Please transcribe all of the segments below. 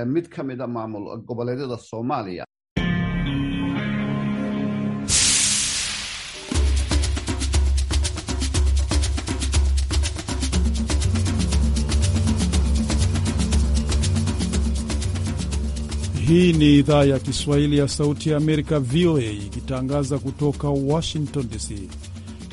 E mid ka mid a maamul e goboleedyada Soomaaliya. Hii ni idhaa ya Kiswahili ya Sauti ya Amerika, VOA, ikitangaza kutoka Washington DC.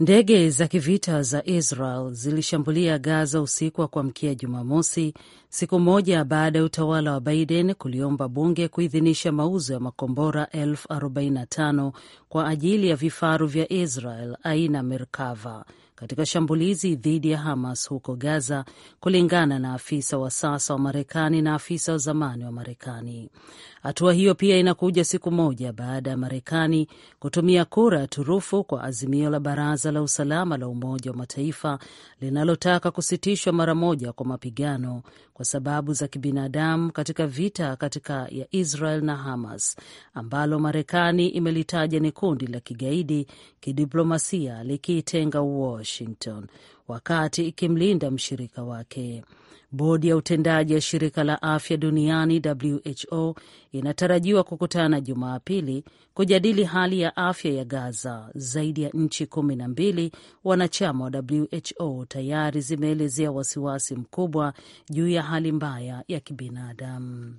Ndege za kivita za Israel zilishambulia Gaza usiku wa kuamkia Jumamosi, siku moja baada ya utawala wa Biden kuliomba bunge kuidhinisha mauzo ya makombora 45 kwa ajili ya vifaru vya Israel aina Merkava katika shambulizi dhidi ya Hamas huko Gaza, kulingana na afisa wa sasa wa Marekani na afisa wa zamani wa Marekani. Hatua hiyo pia inakuja siku moja baada ya Marekani kutumia kura ya turufu kwa azimio la Baraza la Usalama la Umoja wa Mataifa linalotaka kusitishwa mara moja kwa mapigano kwa sababu za kibinadamu katika vita katika ya Israel na Hamas, ambalo Marekani imelitaja ni kundi la kigaidi kidiplomasia, likiitenga Washington wakati ikimlinda mshirika wake. Bodi ya utendaji ya shirika la afya duniani WHO inatarajiwa kukutana Jumapili kujadili hali ya afya ya Gaza. Zaidi ya nchi kumi na mbili wanachama wa WHO tayari zimeelezea wasiwasi mkubwa juu ya hali mbaya ya kibinadamu.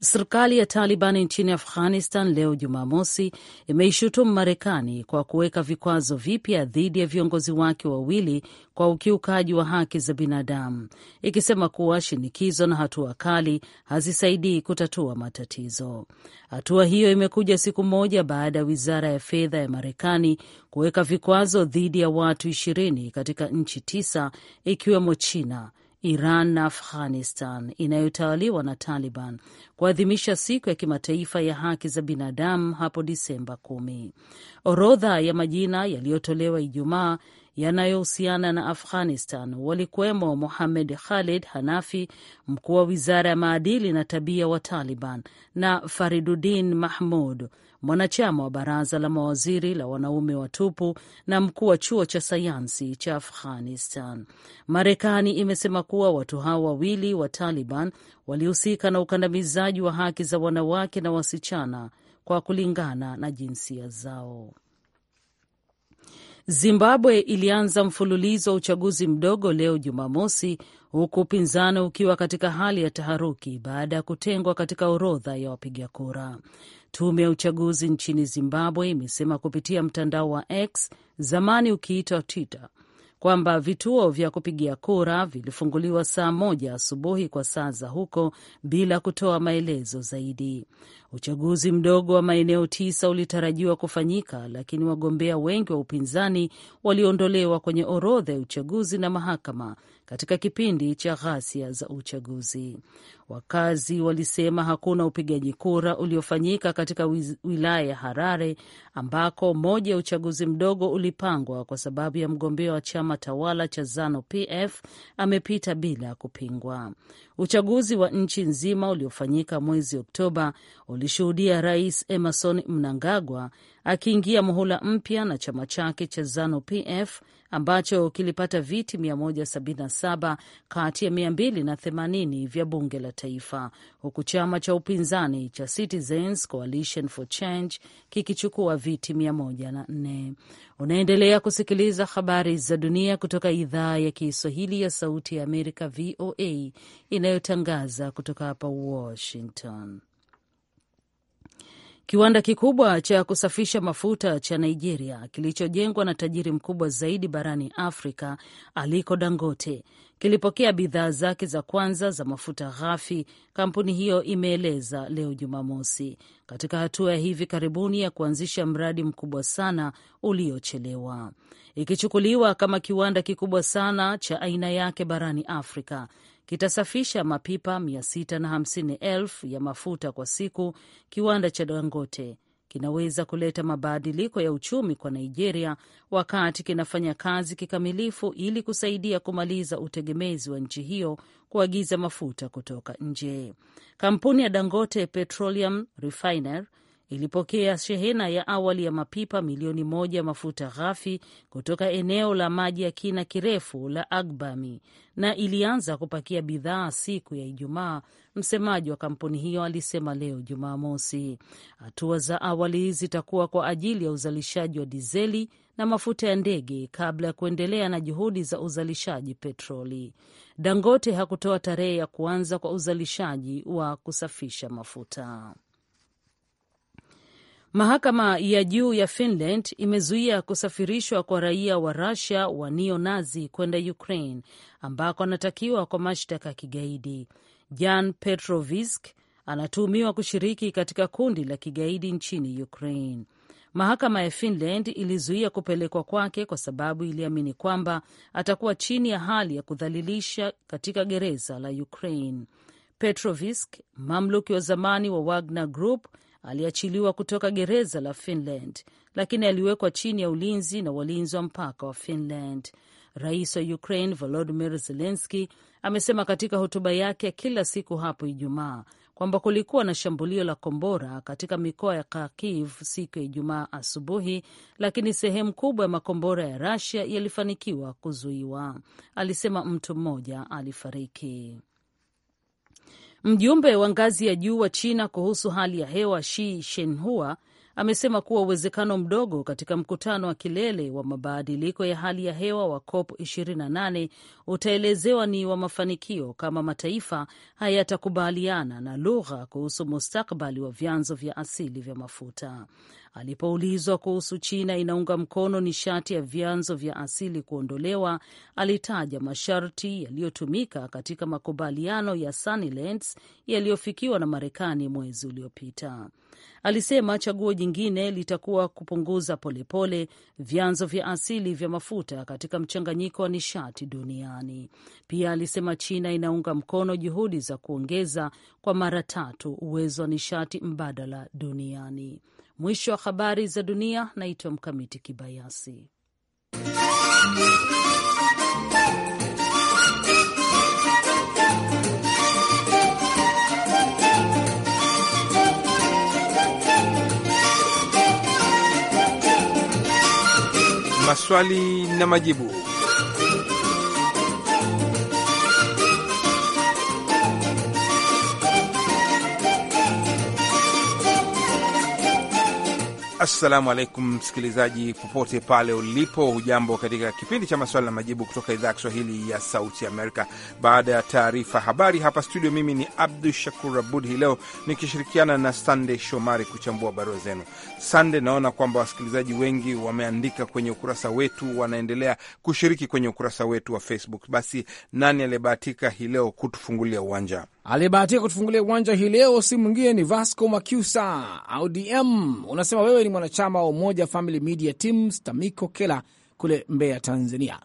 Serikali ya Taliban nchini Afghanistan leo Jumamosi imeishutumu Marekani kwa kuweka vikwazo vipya dhidi ya viongozi wake wawili kwa ukiukaji wa haki za binadamu, ikisema kuwa shinikizo na hatua kali hazisaidii kutatua matatizo. Hatua hiyo imekuja siku moja baada ya wizara ya fedha ya Marekani kuweka vikwazo dhidi ya watu ishirini katika nchi tisa ikiwemo China Iran na Afghanistan inayotawaliwa na Taliban kuadhimisha siku ya kimataifa ya haki za binadamu hapo Disemba kumi. Orodha ya majina yaliyotolewa Ijumaa yanayohusiana na Afghanistan walikuwemo muhamed Khalid Hanafi, mkuu wa wizara ya maadili na tabia wa Taliban, na Faridudin Mahmud, mwanachama wa baraza la mawaziri la wanaume watupu na mkuu wa chuo cha sayansi cha Afghanistan. Marekani imesema kuwa watu hao wawili wa Taliban walihusika na ukandamizaji wa haki za wanawake na wasichana kwa kulingana na jinsia zao. Zimbabwe ilianza mfululizo wa uchaguzi mdogo leo Jumamosi, huku upinzani ukiwa katika hali ya taharuki baada ya kutengwa katika orodha ya wapiga kura. Tume ya uchaguzi nchini Zimbabwe imesema kupitia mtandao wa X, zamani ukiitwa Twitter, kwamba vituo vya kupigia kura vilifunguliwa saa moja asubuhi kwa saa za huko bila kutoa maelezo zaidi. Uchaguzi mdogo wa maeneo tisa ulitarajiwa kufanyika, lakini wagombea wengi wa upinzani waliondolewa kwenye orodha ya uchaguzi na mahakama katika kipindi cha ghasia za uchaguzi. Wakazi walisema hakuna upigaji kura uliofanyika katika wilaya ya Harare ambako moja ya uchaguzi mdogo ulipangwa kwa sababu ya mgombea wa chama tawala cha Zano PF amepita bila ya kupingwa. Uchaguzi wa nchi nzima uliofanyika mwezi Oktoba ulishuhudia Rais Emerson Mnangagwa akiingia muhula mpya na chama chake cha Zano PF ambacho kilipata viti 177 kati ya 280 vya bunge la Mataifa, huku chama cha upinzani cha Citizens Coalition for Change kikichukua viti mia moja na nne. Unaendelea kusikiliza habari za dunia kutoka idhaa ya Kiswahili ya Sauti ya Amerika, VOA, inayotangaza kutoka hapa Washington. Kiwanda kikubwa cha kusafisha mafuta cha Nigeria kilichojengwa na tajiri mkubwa zaidi barani Afrika, Aliko Dangote, kilipokea bidhaa zake za kwanza za mafuta ghafi, kampuni hiyo imeeleza leo Jumamosi, katika hatua ya hivi karibuni ya kuanzisha mradi mkubwa sana uliochelewa, ikichukuliwa kama kiwanda kikubwa sana cha aina yake barani Afrika kitasafisha mapipa 650,000 ya mafuta kwa siku. Kiwanda cha Dangote kinaweza kuleta mabadiliko ya uchumi kwa Nigeria wakati kinafanya kazi kikamilifu ili kusaidia kumaliza utegemezi wa nchi hiyo kuagiza mafuta kutoka nje. Kampuni ya Dangote Petroleum Refiner ilipokea shehena ya awali ya mapipa milioni moja ya mafuta ghafi kutoka eneo la maji ya kina kirefu la Agbami na ilianza kupakia bidhaa siku ya Ijumaa. Msemaji wa kampuni hiyo alisema leo Jumamosi hatua za awali zitakuwa kwa ajili ya uzalishaji wa dizeli na mafuta ya ndege kabla ya kuendelea na juhudi za uzalishaji petroli. Dangote hakutoa tarehe ya kuanza kwa uzalishaji wa kusafisha mafuta. Mahakama ya juu ya Finland imezuia kusafirishwa kwa raia wa Russia wa neo-Nazi kwenda Ukraine ambako anatakiwa kwa mashtaka ya kigaidi. Jan petrovisk anatuhumiwa kushiriki katika kundi la kigaidi nchini Ukraine. Mahakama ya Finland ilizuia kupelekwa kwake kwa sababu iliamini kwamba atakuwa chini ya hali ya kudhalilisha katika gereza la Ukraine. petrovisk mamluki wa zamani wa Wagner Group aliachiliwa kutoka gereza la Finland, lakini aliwekwa chini ya ulinzi na walinzi wa mpaka wa Finland. Rais wa Ukraine Volodymyr Zelensky amesema katika hotuba yake ya kila siku hapo Ijumaa kwamba kulikuwa na shambulio la kombora katika mikoa ya Kharkiv siku ya Ijumaa asubuhi, lakini sehemu kubwa ya makombora ya Russia yalifanikiwa kuzuiwa. Alisema mtu mmoja alifariki. Mjumbe wa ngazi ya juu wa China kuhusu hali ya hewa Shi Shenhua amesema kuwa uwezekano mdogo katika mkutano wa kilele wa mabadiliko ya hali ya hewa wa COP 28 utaelezewa ni wa mafanikio kama mataifa hayatakubaliana na lugha kuhusu mustakabali wa vyanzo vya asili vya mafuta. Alipoulizwa kuhusu China inaunga mkono nishati ya vyanzo vya asili kuondolewa, alitaja masharti yaliyotumika katika makubaliano ya Sunnylands yaliyofikiwa na Marekani mwezi uliopita. Alisema chaguo jingine litakuwa kupunguza polepole vyanzo vya asili vya mafuta katika mchanganyiko wa nishati duniani. Pia alisema China inaunga mkono juhudi za kuongeza kwa mara tatu uwezo wa nishati mbadala duniani. Mwisho wa habari za dunia. Naitwa Mkamiti Kibayasi. maswali na majibu. Assalamu alaikum msikilizaji, popote pale ulipo, hujambo katika kipindi cha maswali na majibu kutoka idhaa ya Kiswahili ya Sauti Amerika. Baada ya taarifa habari hapa studio, mimi ni Abdu Shakur Abud hii leo nikishirikiana na Sande Shomari kuchambua barua zenu. Sande, naona kwamba wasikilizaji wengi wameandika kwenye ukurasa wetu, wanaendelea kushiriki kwenye ukurasa wetu wa Facebook. Basi nani aliyebahatika hii leo kutufungulia uwanja? aliyebahatika kutufungulia uwanja hii leo si mwingine ni Vasco Macusa au DM. Unasema wewe ni mwanachama wa Umoja Family Media Team Stamiko Kela kule Mbeya, Tanzania.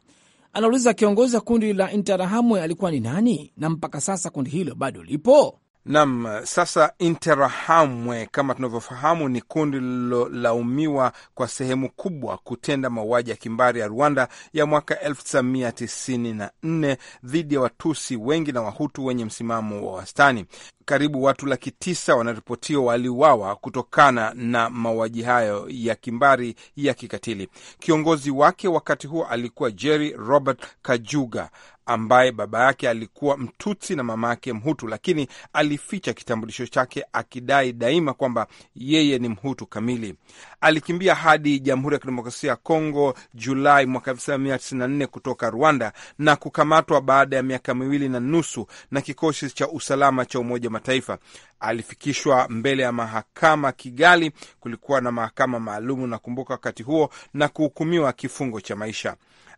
Anauliza, kiongozi wa kundi la Interahamwe alikuwa ni nani, na mpaka sasa kundi hilo bado lipo? Nam, sasa Interahamwe kama tunavyofahamu ni kundi lililolaumiwa kwa sehemu kubwa kutenda mauaji ya kimbari ya Rwanda ya mwaka 1994 dhidi ya Watusi wengi na Wahutu wenye msimamo wa wastani. Karibu watu laki tisa wanaripotiwa waliuawa kutokana na mauaji hayo ya kimbari ya kikatili. Kiongozi wake wakati huo alikuwa Jerry Robert Kajuga ambaye baba yake alikuwa Mtutsi na mama yake Mhutu, lakini alificha kitambulisho chake akidai daima kwamba yeye ni Mhutu kamili. Alikimbia hadi Jamhuri ya Kidemokrasia ya Kongo Julai mwaka 1994 kutoka Rwanda na kukamatwa baada ya miaka miwili na nusu na kikosi cha usalama cha Umoja Mataifa. Alifikishwa mbele ya mahakama Kigali, kulikuwa na mahakama maalumu nakumbuka wakati huo, na kuhukumiwa kifungo cha maisha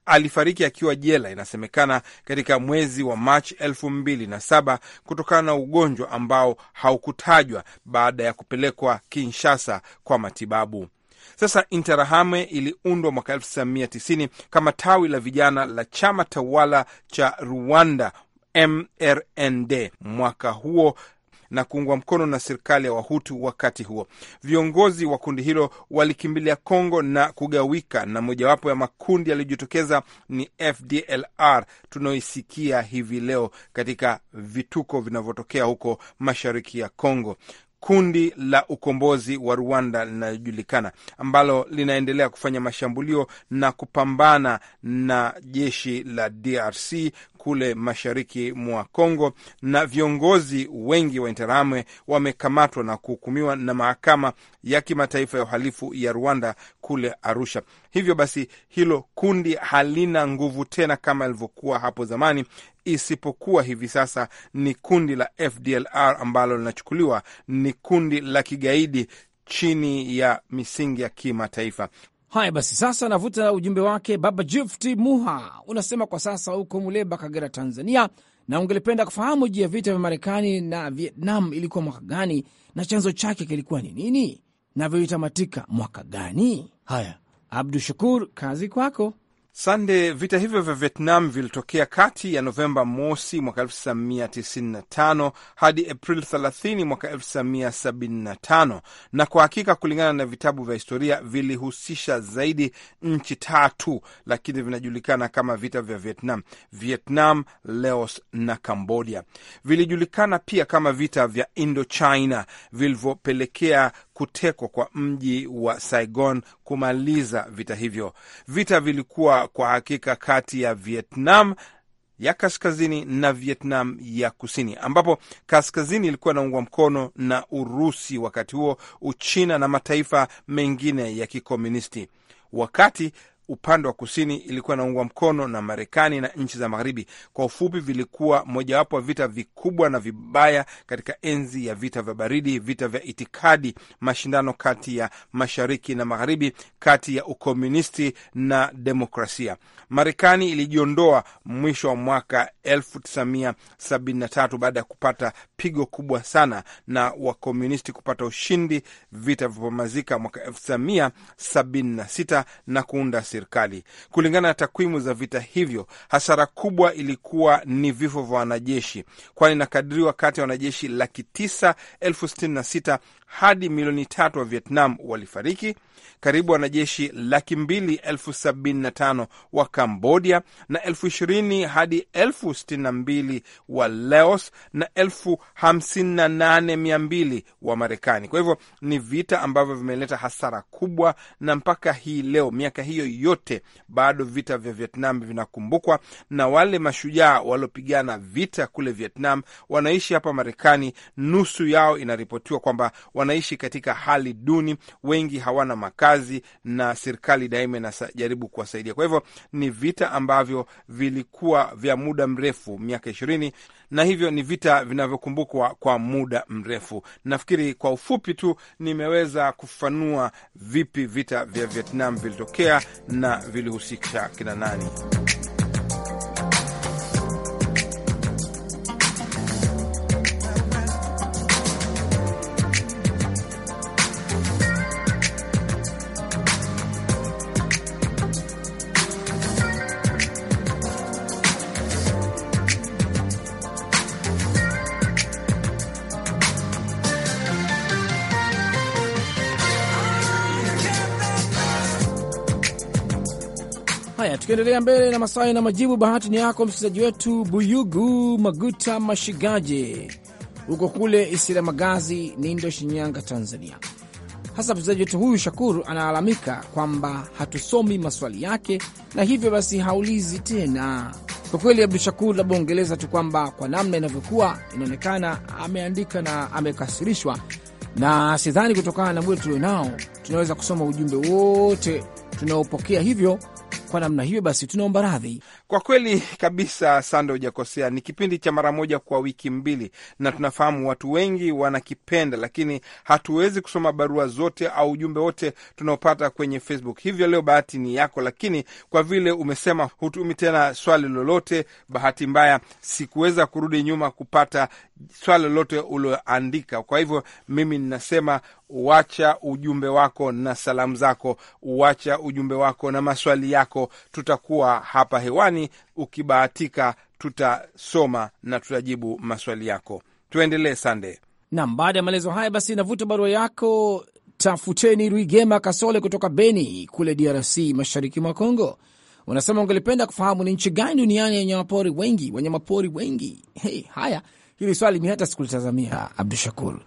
alifariki akiwa jela, inasemekana katika mwezi wa Machi elfu mbili na saba kutokana na ugonjwa ambao haukutajwa baada ya kupelekwa Kinshasa kwa matibabu. Sasa Interahame iliundwa mwaka 1990 kama tawi la vijana la chama tawala cha Rwanda MRND. Mwaka huo na kuungwa mkono na serikali ya Wahutu. Wakati huo viongozi wa kundi hilo walikimbilia Kongo na kugawika, na mojawapo ya makundi yaliyojitokeza ni FDLR tunaoisikia hivi leo katika vituko vinavyotokea huko mashariki ya Kongo. Kundi la ukombozi wa Rwanda linalojulikana ambalo linaendelea kufanya mashambulio na kupambana na jeshi la DRC kule mashariki mwa Kongo, na viongozi wengi wa Interahamwe wamekamatwa na kuhukumiwa na mahakama ya kimataifa ya uhalifu ya Rwanda kule Arusha. Hivyo basi hilo kundi halina nguvu tena kama ilivyokuwa hapo zamani, isipokuwa hivi sasa ni kundi la FDLR ambalo linachukuliwa ni kundi la kigaidi chini ya misingi ya kimataifa. Haya basi, sasa navuta ujumbe wake Baba Jifti Muha, unasema kwa sasa huko Muleba, Kagera, Tanzania, na ungelipenda kufahamu juu ya vita vya Marekani na Vietnam ilikuwa mwaka gani na chanzo chake kilikuwa ni nini navyoitamatika mwaka gani? Haya, Abdu shukur kazi kwako. Sande, vita hivyo vya Vietnam vilitokea kati ya Novemba mosi mwaka 1995 hadi Aprili 30 mwaka 1975, na kwa hakika, kulingana na vitabu vya historia, vilihusisha zaidi nchi tatu, lakini vinajulikana kama vita vya Vietnam, Vietnam, Laos na Cambodia. Vilijulikana pia kama vita vya Indochina vilivyopelekea kutekwa kwa mji wa Saigon kumaliza vita hivyo. Vita vilikuwa kwa hakika kati ya Vietnam ya kaskazini na Vietnam ya kusini, ambapo kaskazini ilikuwa inaungwa mkono na Urusi wakati huo, Uchina na mataifa mengine ya kikomunisti wakati upande wa kusini ilikuwa inaungwa mkono na Marekani na nchi za Magharibi. Kwa ufupi, vilikuwa mojawapo wa vita vikubwa na vibaya katika enzi ya vita vya baridi, vita vya itikadi, mashindano kati ya mashariki na magharibi, kati ya ukomunisti na demokrasia. Marekani ilijiondoa mwisho wa mwaka 1973 baada ya kupata pigo kubwa sana na wakomunisti kupata ushindi, vita vipomazika mwaka 1976 na kuunda serikali. Kulingana na takwimu za vita hivyo, hasara kubwa ilikuwa ni vifo vya wanajeshi, kwani inakadiriwa kati ya wanajeshi laki tisa elfu sitini na sita hadi milioni tatu wa Vietnam walifariki, karibu wanajeshi laki mbili elfu sabini na tano wa Kambodia na elfu ishirini hadi elfu sitini na mbili wa Laos na elfu hamsini na nane mia mbili wa Marekani. Kwa hivyo ni vita ambavyo vimeleta hasara kubwa, na mpaka hii leo, miaka hiyo yote, bado vita vya Vietnam vinakumbukwa, na wale mashujaa waliopigana vita kule Vietnam wanaishi hapa Marekani. Nusu yao inaripotiwa kwamba wanaishi katika hali duni, wengi hawana makazi na serikali daima inajaribu kuwasaidia. Kwa hivyo ni vita ambavyo vilikuwa vya muda mrefu, miaka ishirini, na hivyo ni vita vinavyokumbukwa kwa muda mrefu. Nafikiri kwa ufupi tu nimeweza kufafanua vipi vita vya Vietnam vilitokea na vilihusisha kina nani. tukiendelea mbele na maswali na majibu, bahati ni yako msikilizaji wetu Buyugu Maguta Mashigaje, huko kule Isiramagazi, Nindo, Shinyanga, Tanzania. Hasa msikilizaji wetu huyu Shakuru analalamika kwamba hatusomi maswali yake na hivyo basi haulizi tena. Kwa kweli, Abdu Shakur, labda ongeleza tu kwamba kwa namna inavyokuwa inaonekana ameandika na amekasirishwa, na sidhani kutokana na muda tulionao tunaweza kusoma ujumbe wote tunaopokea, hivyo kwa namna hiyo basi, tunaomba radhi kwa kweli kabisa. Sanda, hujakosea, ni kipindi cha mara moja kwa wiki mbili, na tunafahamu watu wengi wanakipenda, lakini hatuwezi kusoma barua zote au ujumbe wote tunaopata kwenye Facebook. Hivyo leo bahati ni yako, lakini kwa vile umesema hutumi tena swali lolote, bahati mbaya sikuweza kurudi nyuma kupata swali lolote ulioandika. Kwa hivyo mimi ninasema uwacha ujumbe wako na salamu zako, uacha ujumbe wako na maswali yako yako tutakuwa hapa hewani. Ukibahatika, tutasoma na tutajibu maswali yako. Tuendelee Sande nam. Baada ya maelezo haya, basi navuta barua yako. Tafuteni Rwigema Kasole kutoka Beni kule DRC, mashariki mwa congo Unasema ungelipenda kufahamu ni nchi gani duniani ya wanyamapori wengi, wanyamapori wengi. Hey, haya hili swali mi hata sikulitazamia. Abdu Shakur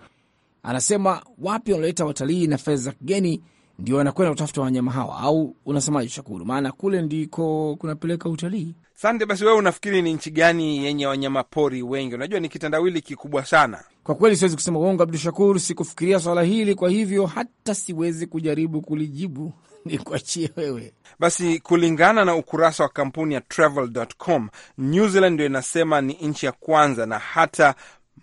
anasema wapi wanaleta watalii na fedha za kigeni ndio wanakwenda kutafuta wanyama hawa, au unasemaje Shakuru? Maana kule ndiko kunapeleka utalii. Sante. Basi wewe unafikiri ni nchi gani yenye wanyama pori wengi? Unajua ni kitandawili kikubwa sana. Kwa kweli siwezi kusema uongo, Abdu Shakur, sikufikiria swala hili, kwa hivyo hata siwezi kujaribu kulijibu, ni kuachia wewe. Basi kulingana na ukurasa wa kampuni ya travel.com, New Zealand ndio inasema ni nchi ya kwanza na hata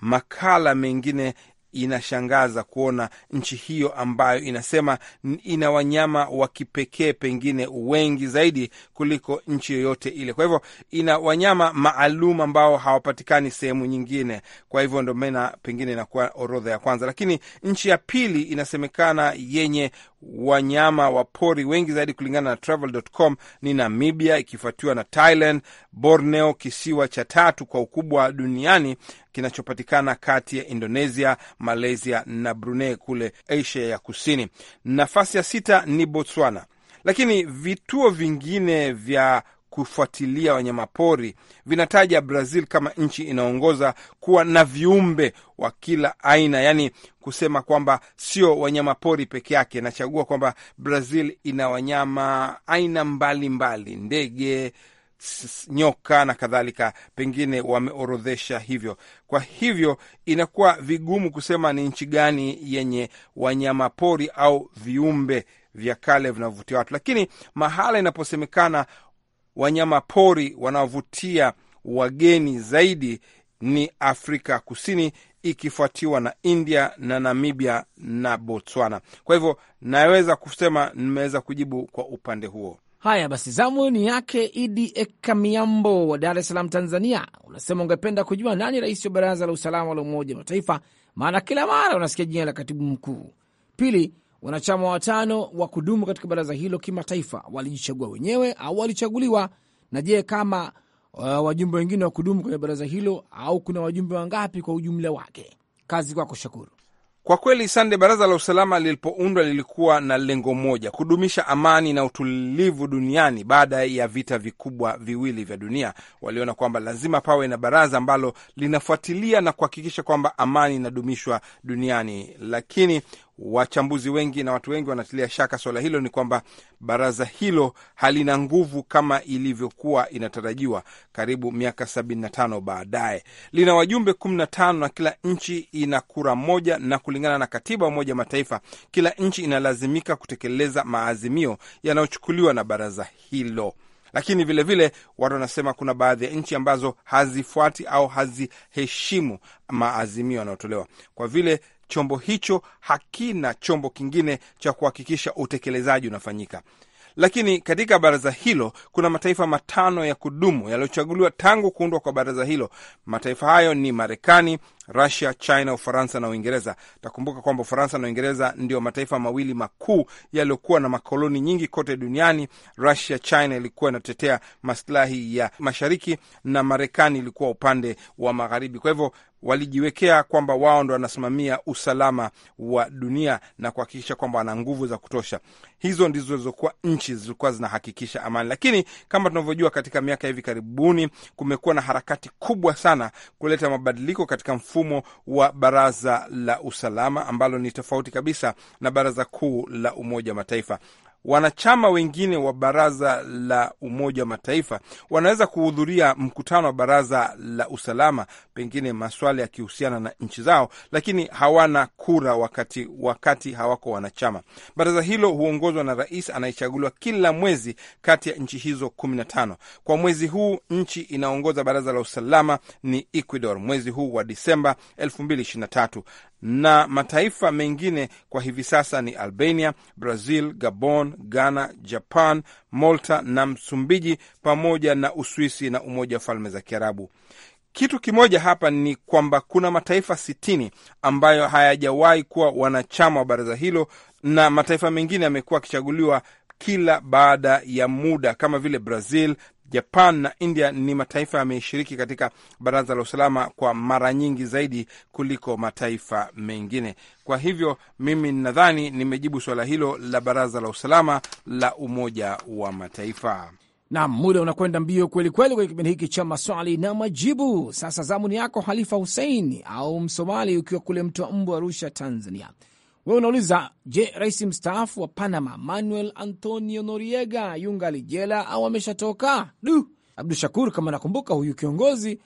makala mengine Inashangaza kuona nchi hiyo ambayo inasema ina wanyama wa kipekee pengine wengi zaidi kuliko nchi yoyote ile. Kwa hivyo ina wanyama maalum ambao hawapatikani sehemu nyingine. Kwa hivyo ndo maana pengine inakuwa orodha ya kwanza, lakini nchi ya pili inasemekana yenye wanyama wa pori wengi zaidi kulingana na travel.com ni Namibia, ikifuatiwa na Thailand. Borneo kisiwa cha tatu kwa ukubwa duniani kinachopatikana kati ya Indonesia, Malaysia na Brunei kule Asia ya Kusini. Nafasi ya sita ni Botswana, lakini vituo vingine vya kufuatilia wanyamapori vinataja Brazil kama nchi inaongoza kuwa na viumbe wa kila aina, yaani kusema kwamba sio wanyamapori peke yake. Nachagua kwamba Brazil ina wanyama aina mbalimbali, ndege, nyoka na kadhalika, pengine wameorodhesha hivyo. Kwa hivyo inakuwa vigumu kusema ni nchi gani yenye wanyama pori au viumbe vya kale vinavutia watu, lakini mahala inaposemekana wanyama pori wanaovutia wageni zaidi ni Afrika Kusini ikifuatiwa na India na Namibia na Botswana. Kwa hivyo naweza kusema nimeweza kujibu kwa upande huo. Haya basi, zamu ni yake Idi Ekamiambo wa Dar es Salaam, Tanzania. Unasema ungependa kujua nani rais wa Baraza la Usalama la Umoja wa Mataifa, maana kila mara unasikia jina la katibu mkuu. Pili, Wanachama watano wa kudumu katika baraza hilo kimataifa walijichagua wenyewe au walichaguliwa? Na je, kama uh, wajumbe wengine wa kudumu kwenye baraza hilo au kuna wajumbe wangapi kwa ujumla wake? Kazi kwako shakuru Kwa kweli Sande, baraza la usalama lilipoundwa lilikuwa na lengo moja, kudumisha amani na utulivu duniani baada ya vita vikubwa viwili vya dunia. Waliona kwamba lazima pawe na baraza ambalo linafuatilia na kuhakikisha kwamba amani inadumishwa duniani, lakini wachambuzi wengi na watu wengi wanatilia shaka swala hilo, ni kwamba baraza hilo halina nguvu kama ilivyokuwa inatarajiwa. Karibu miaka 75 baadaye, lina wajumbe 15 na kila nchi ina kura moja, na kulingana na katiba ya Umoja Mataifa kila nchi inalazimika kutekeleza maazimio yanayochukuliwa na baraza hilo lakini vilevile watu wanasema kuna baadhi ya nchi ambazo hazifuati au haziheshimu maazimio yanayotolewa. Kwa vile chombo hicho hakina chombo kingine cha kuhakikisha utekelezaji unafanyika. Lakini katika baraza hilo kuna mataifa matano ya kudumu yaliyochaguliwa tangu kuundwa kwa baraza hilo. Mataifa hayo ni Marekani, Rusia, China, Ufaransa na Uingereza. Takumbuka kwamba Ufaransa na Uingereza ndio mataifa mawili makuu yaliyokuwa na makoloni nyingi kote duniani. Rusia, China ilikuwa inatetea maslahi ya mashariki na Marekani ilikuwa upande wa magharibi. Kwa hivyo walijiwekea kwamba wao ndo wanasimamia usalama wa dunia na kuhakikisha kwamba wana nguvu za kutosha. Hizo ndizo zilizokuwa nchi zilikuwa zinahakikisha amani, lakini kama tunavyojua, katika miaka hivi karibuni kumekuwa na harakati kubwa sana kuleta mabadiliko katika mfumo wa baraza la usalama ambalo ni tofauti kabisa na baraza kuu la Umoja wa Mataifa wanachama wengine wa baraza la Umoja wa Mataifa wanaweza kuhudhuria mkutano wa baraza la usalama, pengine maswala yakihusiana na nchi zao, lakini hawana kura wakati, wakati hawako wanachama. Baraza hilo huongozwa na rais anayechaguliwa kila mwezi kati ya nchi hizo kumi na tano. Kwa mwezi huu nchi inaongoza baraza la usalama ni Ecuador mwezi huu wa Disemba tatu na mataifa mengine kwa hivi sasa ni Albania, Brazil, Gabon, Ghana, Japan, Malta na Msumbiji, pamoja na Uswisi na Umoja wa Falme za Kiarabu. Kitu kimoja hapa ni kwamba kuna mataifa sitini ambayo hayajawahi kuwa wanachama wa baraza hilo, na mataifa mengine yamekuwa akichaguliwa kila baada ya muda kama vile Brazil, Japan na India ni mataifa yameshiriki katika baraza la usalama kwa mara nyingi zaidi kuliko mataifa mengine. Kwa hivyo mimi nadhani nimejibu suala hilo la baraza la usalama la Umoja wa Mataifa. Nam, muda unakwenda mbio kwelikweli kwenye kipindi hiki cha maswali na majibu. Sasa zamu ni yako Halifa Husein au Msomali, ukiwa kule Mto wa Mbu, Arusha, Tanzania. Wewe unauliza, je, rais mstaafu wa Panama Manuel Antonio Noriega yunga alijela au ameshatoka? Du, Abdu Shakur, kama nakumbuka, huyu kiongozi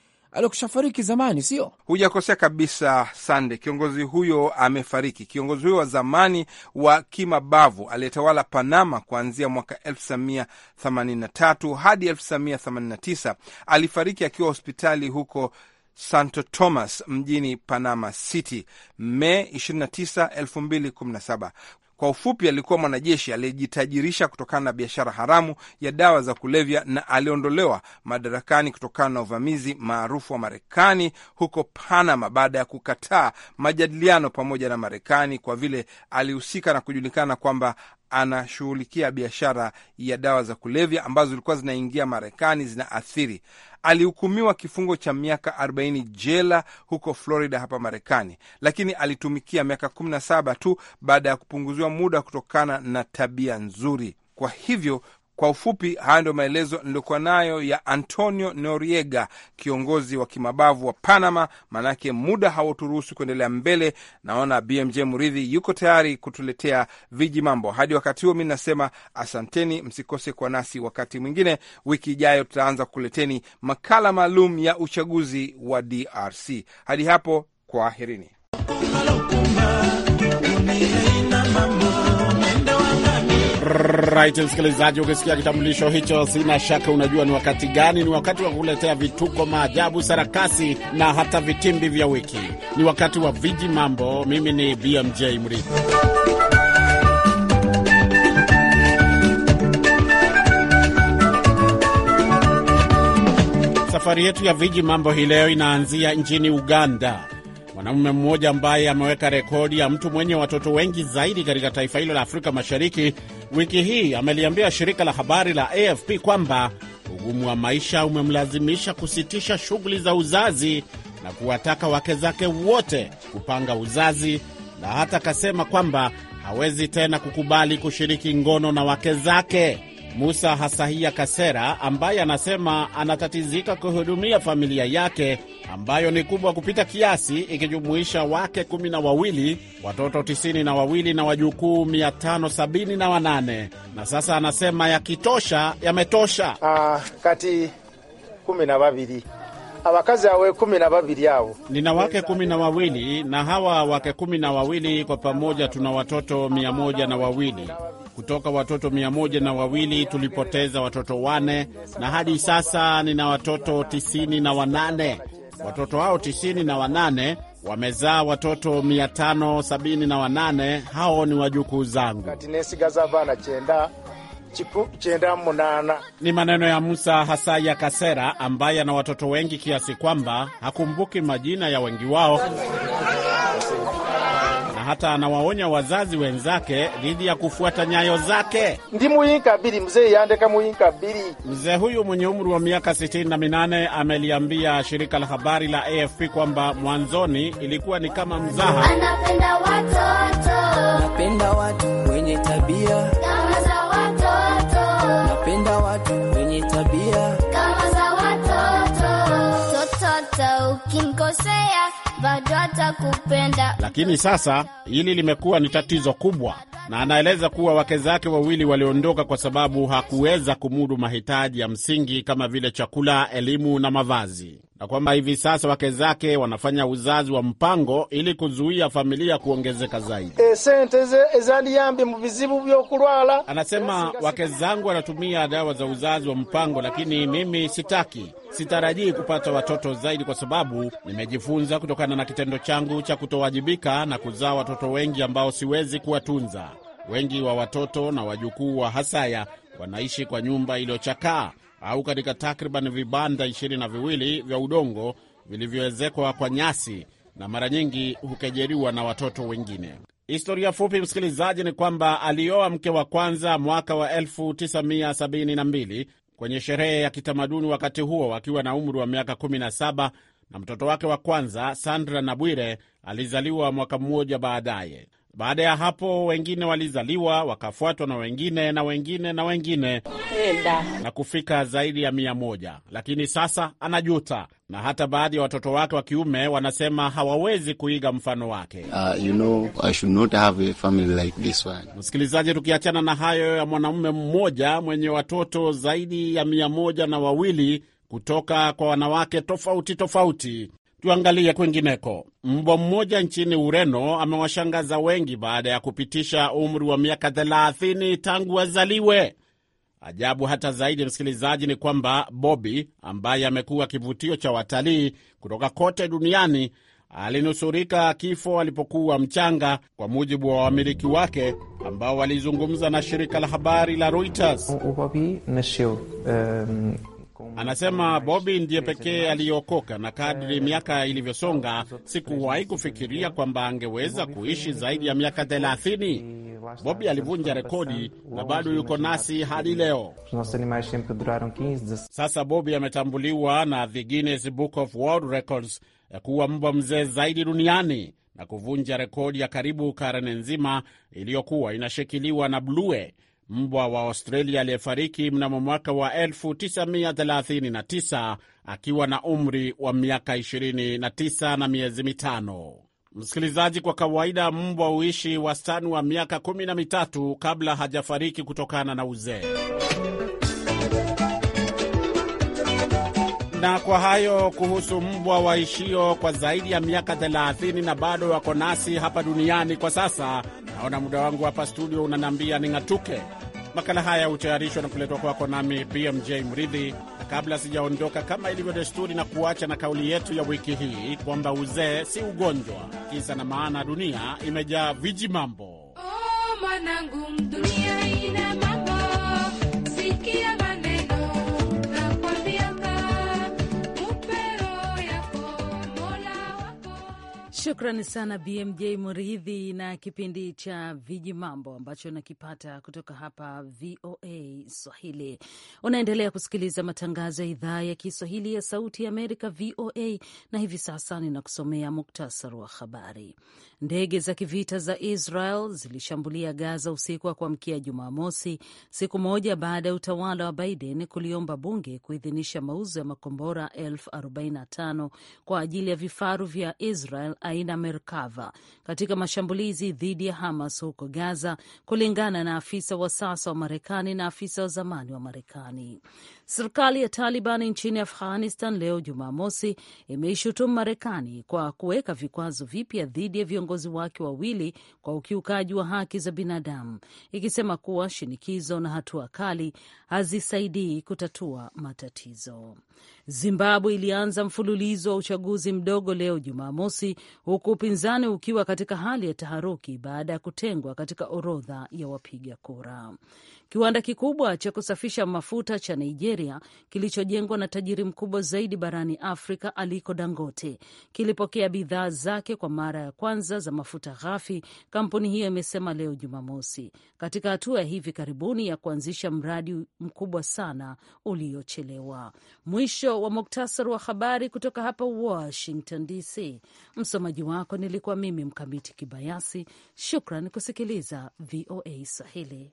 fariki zamani, sio? Hujakosea kabisa, Sande. Kiongozi huyo amefariki, kiongozi huyo wa zamani wa kimabavu aliyetawala Panama kuanzia mwaka 1983 hadi 1989. Alifariki akiwa hospitali huko Santo Thomas mjini Panama City Mei 29, 2017. Kwa ufupi, alikuwa mwanajeshi aliyejitajirisha kutokana na biashara haramu ya dawa za kulevya na aliondolewa madarakani kutokana na uvamizi maarufu wa Marekani huko Panama baada ya kukataa majadiliano pamoja na Marekani kwa vile alihusika na kujulikana kwamba anashughulikia biashara ya dawa za kulevya ambazo zilikuwa zinaingia Marekani zinaathiri. Alihukumiwa kifungo cha miaka 40 jela huko Florida hapa Marekani, lakini alitumikia miaka 17 tu baada ya kupunguziwa muda kutokana na tabia nzuri. Kwa hivyo kwa ufupi, haya ndio maelezo niliokuwa nayo ya Antonio Noriega, kiongozi wa kimabavu wa Panama. Maanake muda hauturuhusu kuendelea mbele. Naona BMJ Muridhi yuko tayari kutuletea viji mambo. Hadi wakati huo, mi nasema asanteni, msikose kwa nasi wakati mwingine. Wiki ijayo tutaanza kuleteni makala maalum ya uchaguzi wa DRC. Hadi hapo, kwaherini. Right, msikilizaji, ukisikia kitambulisho hicho, sina shaka unajua ni wakati gani. Ni wakati wa kuletea vituko, maajabu, sarakasi na hata vitimbi vya wiki. Ni wakati wa viji mambo. Mimi ni BMJ Mridhi. Safari yetu ya viji mambo hii leo inaanzia nchini Uganda. Mwanamume mmoja ambaye ameweka rekodi ya mtu mwenye watoto wengi zaidi katika taifa hilo la Afrika Mashariki wiki hii ameliambia shirika la habari la AFP kwamba ugumu wa maisha umemlazimisha kusitisha shughuli za uzazi na kuwataka wake zake wote kupanga uzazi, na hata akasema kwamba hawezi tena kukubali kushiriki ngono na wake zake. Musa Hasahia Kasera ambaye anasema anatatizika kuhudumia familia yake ambayo ni kubwa kupita kiasi ikijumuisha wake kumi na wawili, watoto tisini na wawili na wajukuu mia tano sabini na wanane na sasa anasema yakitosha yametosha. Uh, kati kumi na wawili abakazi awe kumi na babiri hao. Nina wake kumi na wawili na hawa wake kumi na wawili kwa pamoja tuna watoto mia moja na wawili. Kutoka watoto mia moja na wawili tulipoteza watoto wane na hadi sasa nina watoto tisini na wanane. Watoto hao tisini na wanane wamezaa watoto mia tano sabini na wanane. Hao ni wajukuu zangu chenda munana. Ni maneno ya Musa Hasaya Kasera ambaye ana watoto wengi kiasi kwamba hakumbuki majina ya wengi wao na hata anawaonya wazazi wenzake dhidi ya kufuata nyayo zake. Ndi muyinkabiri mzee yandeka muyinkabiri. Mzee huyu mwenye umri wa miaka 68 ameliambia shirika la habari la AFP kwamba mwanzoni ilikuwa ni kama mzaha. Anapenda watoto. Anapenda watu wenye tabia watu wenye tabia kama za watoto. Tototo ukimkosea bado atakupenda. Lakini sasa hili limekuwa ni tatizo kubwa, na anaeleza kuwa wake zake wawili waliondoka kwa sababu hakuweza kumudu mahitaji ya msingi kama vile chakula, elimu na mavazi na kwamba hivi sasa wake zake wanafanya uzazi wa mpango ili kuzuia familia kuongezeka zaidi. Eh, Anasema, wake zangu wanatumia dawa za uzazi wa mpango, lakini mimi sitaki, sitarajii kupata watoto zaidi, kwa sababu nimejifunza kutokana na kitendo changu cha kutowajibika na kuzaa watoto wengi ambao siwezi kuwatunza. Wengi wa watoto na wajukuu wa Hasaya wanaishi kwa nyumba iliyochakaa au katika takriban vibanda ishirini na viwili vya udongo vilivyoezekwa kwa nyasi na mara nyingi hukejeriwa na watoto wengine. Historia fupi, msikilizaji, ni kwamba alioa mke wa kwanza mwaka wa 1972 kwenye sherehe ya kitamaduni, wakati huo akiwa na umri wa miaka 17, na mtoto wake wa kwanza Sandra Nabwire alizaliwa mwaka mmoja baadaye. Baada ya hapo wengine walizaliwa wakafuatwa na wengine na wengine na wengine Eda, na kufika zaidi ya mia moja. Lakini sasa anajuta, na hata baadhi ya watoto wake wa kiume wanasema hawawezi kuiga mfano wake. Uh, you know, like msikilizaji, tukiachana na hayo ya mwanamume mmoja mwenye watoto zaidi ya mia moja na wawili kutoka kwa wanawake tofauti tofauti, Tuangalie kwingineko. Mbwa mmoja nchini Ureno amewashangaza wengi baada ya kupitisha umri wa miaka 30 tangu azaliwe. Ajabu hata zaidi, msikilizaji, ni kwamba Bobi ambaye amekuwa kivutio cha watalii kutoka kote duniani alinusurika kifo alipokuwa mchanga, kwa mujibu wa wamiliki wake ambao walizungumza na shirika la habari la Reuters. Anasema Bobi ndiye pekee aliyeokoka, na kadri eh, miaka ilivyosonga, eh, sikuwahi eh, kufikiria kwamba angeweza kuishi zaidi ya miaka thelathini. Bobi alivunja rekodi na bado yuko nasi hadi leo. Sasa Bobi ametambuliwa na The Guinness Book of World Records kuwa mbwa mzee zaidi duniani na kuvunja rekodi ya karibu karne nzima iliyokuwa inashikiliwa na Blue mbwa wa Australia aliyefariki mnamo mwaka wa 1939 akiwa na umri wa miaka 29 na miezi mitano. Msikilizaji, kwa kawaida mbwa huishi wastani wa miaka kumi na mitatu kabla hajafariki kutokana na uzee. Na kwa hayo kuhusu mbwa waishio kwa zaidi ya miaka 30 na bado wako nasi hapa duniani kwa sasa, Naona muda wangu hapa studio unaniambia ning'atuke. Makala haya hutayarishwa na kuletwa kwako nami BMJ Mridhi, na kabla sijaondoka, kama ilivyo desturi, na kuacha na kauli yetu ya wiki hii kwamba uzee si ugonjwa. Kisa na maana, dunia imejaa viji mambo. Oh, Shukrani sana BMJ Muridhi na kipindi cha Viji Mambo ambacho nakipata kutoka hapa VOA Swahili. Unaendelea kusikiliza matangazo ya idhaa ya Kiswahili ya Sauti ya Amerika, VOA, na hivi sasa ninakusomea muktasari wa habari. Ndege za kivita za Israel zilishambulia Gaza usiku wa kuamkia Jumamosi, siku moja baada ya utawala wa Biden kuliomba bunge kuidhinisha mauzo ya makombora elfu 45 kwa ajili ya vifaru vya Israel aina Merkava katika mashambulizi dhidi ya Hamas huko Gaza, kulingana na afisa wa sasa wa Marekani na afisa wa zamani wa Marekani. Serikali ya Taliban nchini Afghanistan leo Jumamosi imeishutumu Marekani kwa kuweka vikwazo vipya dhidi ya viongozi wake wawili kwa ukiukaji wa haki za binadamu, ikisema kuwa shinikizo na hatua kali hazisaidii kutatua matatizo. Zimbabwe ilianza mfululizo wa uchaguzi mdogo leo Jumamosi, huku upinzani ukiwa katika hali ya taharuki baada ya kutengwa katika orodha ya wapiga kura. Kiwanda kikubwa cha kusafisha mafuta cha Nigeria kilichojengwa na tajiri mkubwa zaidi barani Afrika Aliko Dangote kilipokea bidhaa zake kwa mara ya kwanza za mafuta ghafi, kampuni hiyo imesema leo Jumamosi, katika hatua ya hivi karibuni ya kuanzisha mradi mkubwa sana uliochelewa. Mwisho wa muktasar wa habari kutoka hapa Washington DC. Msomaji wako nilikuwa mimi Mkamiti Kibayasi. Shukran kusikiliza VOA Swahili.